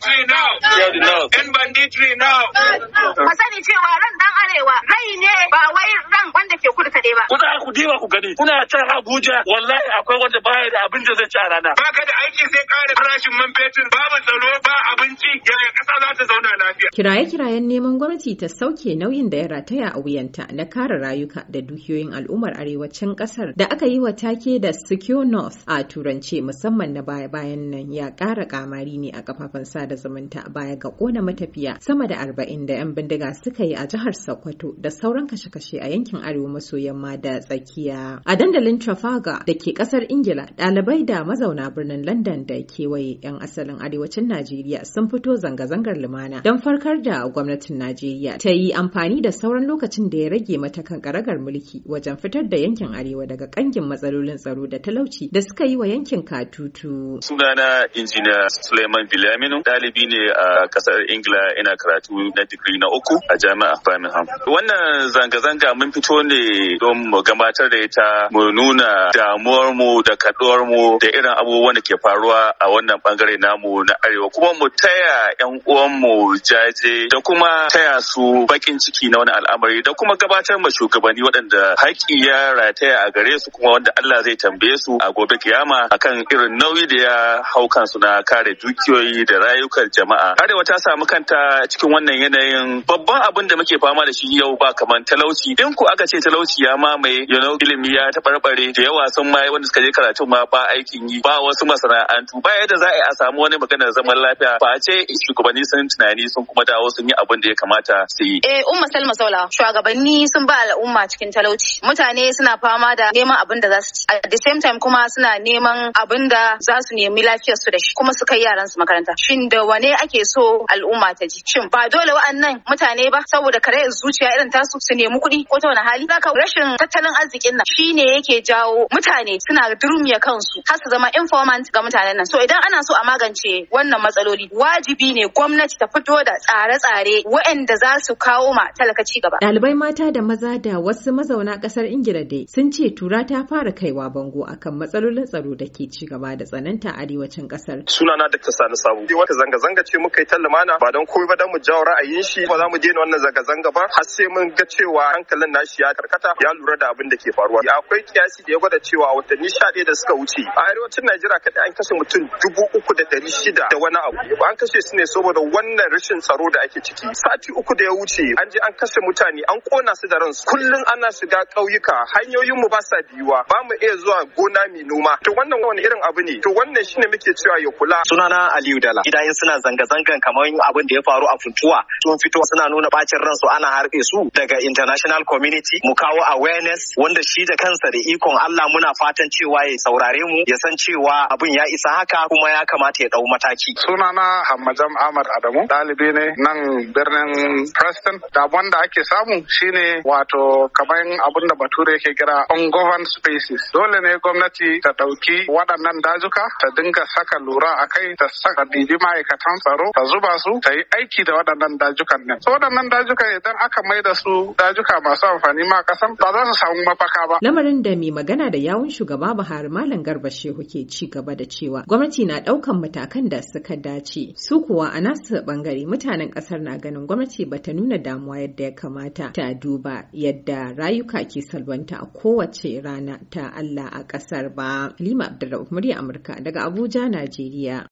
banditry now. Yan banditry now. Ku sani cewa ran dan arewa rai ne ba wai ran wanda ke kudu kaɗai ba. Kuna ku diba ku gani. Kuna can Abuja wallahi akwai wanda baya da abin da zai ci a rana. Baka da aiki sai ƙara farashin man fetur babu tsaro ba abinci yaya ƙasa za ta zauna Kiraye-kirayen neman gwamnati ta sauke nauyin da ya rataya a wuyanta na kare rayuka da dukiyoyin al'ummar arewacin ƙasar da aka yi wa take da Secure North a turance musamman na baya-bayan nan ya ƙara kamari ne a kafafen sada zumunta baya ga ƙona matafiya sama da arba'in da 'yan bindiga suka yi a jihar Sokoto da sauran kashe-kashe a yankin arewa maso yamma da tsakiya. A dandalin Trafalgar da ke kasar Ingila ɗalibai da mazauna birnin London da kewaye 'yan asalin arewacin Najeriya sun fito zanga-zangar lumana don farkar da gwamnatin Najeriya ta yi amfani da sauran lokacin da ya rage mata kan karagar mulki wajen fitar da yankin Arewa daga kangin matsalolin tsaro da talauci da suka yi wa yankin katutu. Sunana injiniya Suleiman Bilaminu ɗalibi ne a ƙasar Ingila ina karatu na digiri na uku a jami'a Birmingham. Wannan zanga-zanga mun fito ne don mu gabatar da ita mu nuna damuwar mu da kaduwar mu da irin abubuwan da ke faruwa a wannan bangare namu na Arewa kuma mu taya 'yan uwanmu ja jaje da kuma taya su bakin ciki na wani al'amari da kuma gabatar ma shugabanni waɗanda haƙƙi ya rataya a gare su kuma wanda Allah zai tambaye su a gobe kiyama akan irin nauyi da ya hau kansu na kare dukiyoyi da rayukan jama'a. Arewa ta samu kanta cikin wannan yanayin babban abin da muke fama da shi yau ba kamar talauci. In ku aka ce talauci ya mamaye, you ilimi ya taɓarɓare da yawa sun ma wanda suka je karatun ma ba aikin yi ba wasu masana'antu ba yadda za a samu wani maganar zaman lafiya face shugabanni sun tunani sun kuma dawo sun yi abin da ya kamata su yi. Eh Umma Salma Saula shugabanni sun ba al'umma cikin talauci. Mutane suna fama da neman abin da za su ci. At the same time kuma suna neman abin da za su nemi lafiyarsu su da shi kuma su kai yaran su makaranta. Shin da wane ake so al'umma ta ji? Shin ba dole wa'annan mutane ba saboda kare zuciya irin tasu su nemi kuɗi ko ta wani hali? Zaka rashin tattalin arzikin nan shine yake jawo mutane suna durmiya kansu har su zama informant ga mutanen nan. So idan ana so a magance wannan matsaloli wajibi ne gwamnati ta fito da da tsare-tsare waɗanda za su kawo ma talaka ci gaba. Ɗalibai mata da maza da wasu mazauna ƙasar Ingila dai sun ce tura ta fara kaiwa bango akan matsalolin tsaro da ke ci gaba da tsananta arewacin ƙasar. Sunana Dr. Sani Sabo. Wata zanga-zanga ce muka yi ta lumana ba don komai ba don mu jawo ra'ayin shi ba za mu daina wannan zanga-zanga ba har sai mun ga cewa hankalin nashi ya karkata ya lura da abin da ke faruwa. Akwai kiyasi da ya gwada cewa watanni sha ɗaya da suka wuce a arewacin Najeriya kaɗai an kashe mutum dubu uku da ɗari shida da wani abu. An kashe su ne saboda wannan rashin saro tsaro da ake ciki sati uku da ya wuce an je an kashe mutane an kona su da ransu kullum ana shiga ƙauyuka hanyoyin mu ba sa biyuwa ba mu iya zuwa gona mai noma to wannan wani irin abu ne to wannan shine muke cewa ya kula sunana Aliyu Dala gidayen suna zanga zangan kamar abin da ya faru a Funtuwa sun fito suna nuna bacin ransu ana harbe su daga international community mu kawo awareness wanda shi da kansa da ikon Allah muna fatan cewa ya saurare mu ya san cewa abin ya isa haka kuma ya kamata ya dau mataki sunana Hammadam Ahmad Adamu Dalibi. nan birnin Preston. damar da ake samu shine wato kamar abin da bature yake kira ungoverned spaces. Dole ne gwamnati ta ɗauki waɗannan dajuka ta dinga saka lura a kai ta saka bibi ma'aikatan tsaro ta zuba su ta yi aiki da waɗannan dajukan nan. So waɗannan dajukan idan aka mai da su dajuka masu amfani ma kasan ba za su samu mafaka ba. Lamarin da mai magana da yawun shugaba Buhari Malam Garba Shehu ke ci gaba da cewa gwamnati na ɗaukan matakan da suka dace su kuwa a nasu bangare mutanen kasar na ganin gwamnati bata nuna damuwa yadda ya kamata ta duba yadda rayuka ke salwanta a kowace rana ta Allah a kasar ba. Halima Abdullahi murya Amurka daga Abuja, Najeriya.